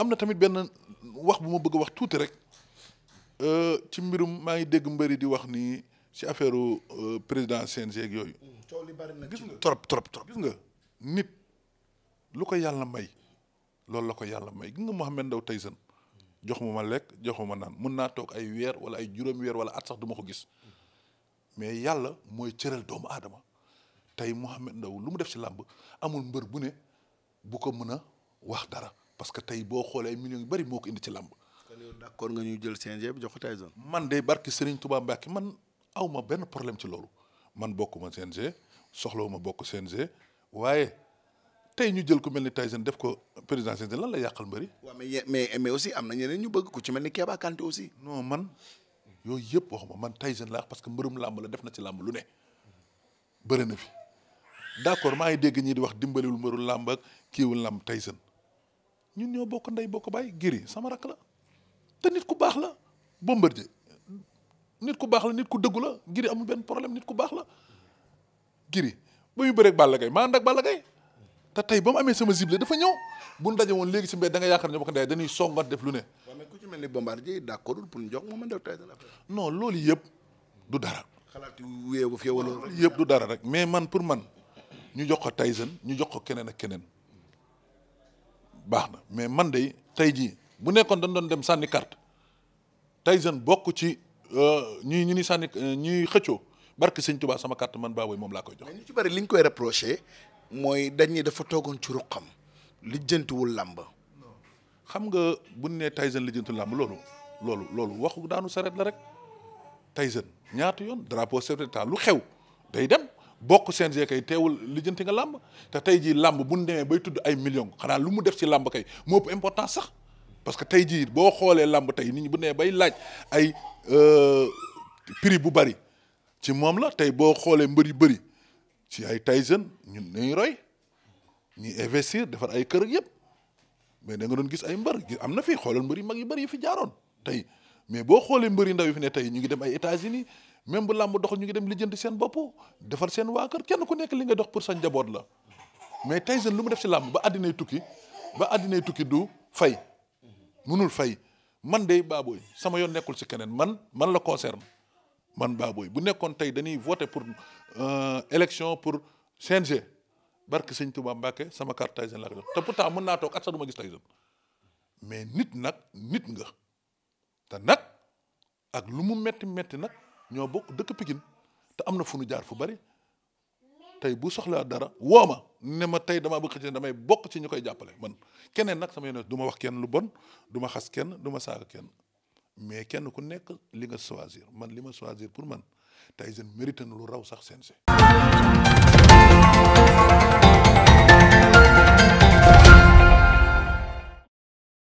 am na tamit benn wax bu ma bëgg a wax tuuti rek euh, ci mbirum maa ngi dégg mbari di wax nii ci affaire euh, président CNG ak yooyu. Mm, coow li bari na gis trop trop trop. gis nga nit lu ko yàlla may loolu la ko yàlla may gis nga ndaw Ndao Tyson jox ma ma lekk jox ma ma naan mun naa toog ay weer wala ay juróom weer wala at sax duma ko gis mais yàlla mooy cëral doomu aadama tey Mouhamed ndaw lu mu def si làmb amul mbër bu ne bu ko mën a wax dara. parce que tey boo xoolee millions yu bëri moo ko indi ci làmb. kon yow nga ñuy jël CNG bi jox ko Tyson. man de barki Serigne Touba Mbacke man aw ma benn problème ci loolu man bokkuma CNG soxlawuma bokk CNG waaye tey ñu jël ku mel ni Tyson def ko président CNG lan la yàqal mbëri. waaw mais mais mais aussi am na ñeneen ñu bëgg ko ci mel ni Keba Kanté aussi. non man yooyu yëpp waxuma man Tyson laa parce que mbërum làmb la def na ci làmb lu ne bëri na fi. d'accord maa ngi dégg ñii di wax dimbaliwul mbëru làmb ak kiiwul làmb Tyson ñun ñëw bokk ndey bokk baay Gris sama rakk la te nit ku baax la ji nit ku baax la nit ku dëggu la Gris amul benn problème nit ku baax la Gris ba muy bëreeg Balla Gaye maa ànd ak Balla te tey ba mu amee sama zible dafa ñëw bu ñu daje woon léegi si mbéy da nga yaakaar ne bokk ndey dañuy songat def lu ne. waaw mais ku ci mel pour ñu jox moom def tey non loolu yëpp du dara. xalaat yu wéewu fi wala. yëpp du dara rek mais man pour man ñu jox ko Tyson ñu jox ko keneen ak keneen. baax na mais man de tey jii bu nekkoon dañ doon dem sànni carte Tyson bokk ci euh, ñi ñi ni sànni euh, ñuy xëccoo barke sëñ Tuubaa sama carte man Baboye moom laa koy jox. mais ci bari li ñu koy reproché mooy dañ dañuy dafa toogoon ci ruqam lijjantiwul làmb. xam nga bu ne nee Tyson lijjantiwul làmb loolu loolu loolu waxu daanu sareet la rek Tyson ñaata yoon drapeau chef lu xew day dem. bokk CNG kay teewul lijjanti nga làmb te tey jii làmb bu ñu demee bay tudd ay millions xanaa lu mu def ci làmb kay moo ëpp importance sax parce que tey jii boo xoolee làmb tey nit ñi bu demee bay laaj ay euh, prix bu bari ci moom la tey boo xoolee mbër yu bëri ci ay Tyson ñun nañu roy ñuy investir defar ay kër ak yëpp mais da doon gis ay mbër am na fi xoolal mbër yu mag yu bëri yu fi jaaroon tey. mais boo xoolee mbëri ndaw yi fi ne tey ñu ngi dem ay États-Unis même bu làmb dox ñu ngi dem lijjanti seen bopp defar seen waa kër kenn ku nekk li nga dox pour sa njaboot la mais Tyson lu mu def si làmb ba àddinay tukki ba àddinay tukki du fay munul fay man de Baboy sama yoon nekkul si keneen man man la concerne man Baboy bu nekkoon tey dañuy voté pour euh, élection pour CNG barke sëñ Touba Mbacke sama carte Tyson laa ko jox te pourtant mën naa toog at sax du ma gis Tyson mais nit nag nit nga. te nag ak lu mu metti metti nag ñoo bokk dëkk Pikine te am na fu nu jaar fu bari tey bu soxlaa dara woo ma ne ma tey dama bëgg ci damay bokk ci ñu koy jàppale man keneen nag sama yoon du ma wax kenn lu bon duma xas kenn duma ma kenn mais kenn ku nekk li nga choisir man li ma choisir pour man tey jeunes mérite na lu raw sax seen